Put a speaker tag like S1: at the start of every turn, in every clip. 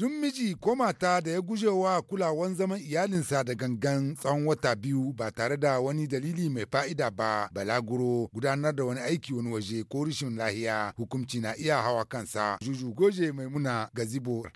S1: Duk miji ko mata da ya guje wa kulawan zaman iyalinsa da gangan tsawon wata biyu ba tare da wani dalili mai fa'ida ba balaguro gudanar da wani aiki wani waje ko rishin lahiya hukumci na iya hawa kansa juju goje mai muna gazibo.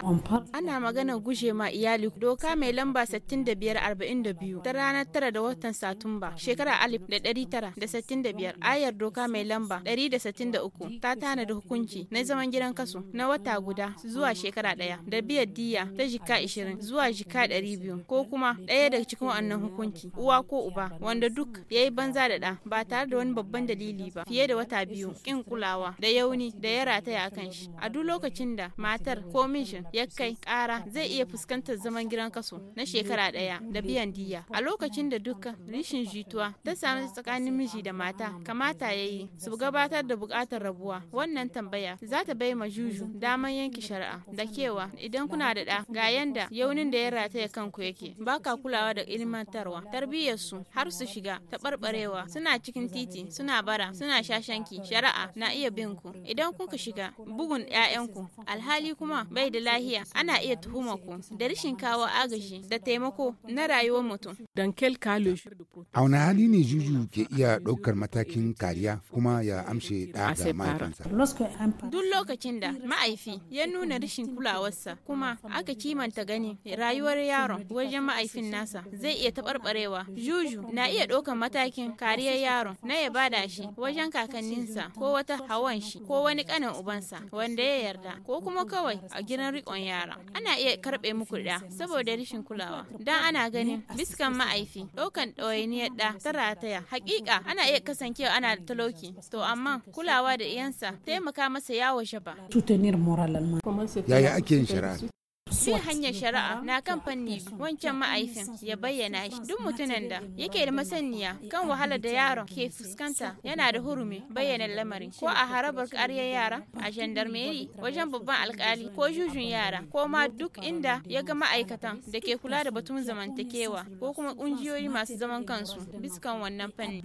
S2: Ana maganar guje ma iyali doka mai lamba 6542 ta ranar tara da watan Satumba shekara 1965 ayar doka mai lamba 163 ta tana da hukunci na zaman gidan kaso na wata guda zuwa shekara daya. da biyan diya ta jika 20 zuwa jika biyu ko kuma ɗaya daga cikin wannan hukunci uwa ko uba wanda duk ya yi banza da ɗa ba tare da wani babban dalili ba fiye da wata biyu ƙin kulawa da yauni da ya rataya a kan shi a duk lokacin da matar ko mijin ya kai ƙara zai iya fuskantar zaman gidan kaso na shekara ɗaya da biyan diya a lokacin da duka rishin jituwa ta samu tsakanin miji da mata kamata ya yi su gabatar da buƙatar rabuwa wannan tambaya za ta bai ma juju daman yanke shari'a da kewa idan idan kuna da ɗa ga yanda yaunin da ya rataya kanku yake baka kulawa da ilmantarwa tarbiyyar su har su shiga ta taɓarɓarewa suna cikin titi suna bara suna shashanki shari'a na iya bin ku idan kuka shiga bugun 'ya'yanku alhali kuma bai da lahiya ana iya tuhuma ku da rashin kawo agaji da taimako na rayuwar mutum. Dankel Kalo.
S1: A wani hali ne juju ke iya ɗaukar matakin kariya kuma ya amshe ɗa ga mahaifinsa.
S2: Duk lokacin da ma'aifi ya nuna rashin kulawarsa kuma aka kimanta gani rayuwar yaron wajen ma'aifin nasa zai iya taɓarɓarewa juju na iya ɗaukan matakin kariyar yaron na ya bada shi wajen kakanninsa ko wata hawan shi ko wani ƙanin ubansa wanda ya yarda ko kuma kawai a gidan rikon yara ana iya karɓe muku ɗa saboda rashin kulawa dan ana ganin biskan ma'aifi ɗaukan ɗawainiyar ɗa ta rataya hakika ana iya kasancewa ana da talauki to amma kulawa da iyansa taimaka masa yawo shafa yaya ake yin shari'a sun hanyar shari'a na kan fanni wancan ma'aifin ya bayyana shi duk mutumin da yake da masaniya kan wahalar da yaron ke fuskanta yana da hurumi bayyana lamarin ko a harabar karyar yara a gendarmeri wajen babban alkali ko jujun yara ko ma duk inda ya ga ma'aikatan da ke kula da batun zamantakewa ko kuma ƙungiyoyi masu zaman kansu biskan wannan fanni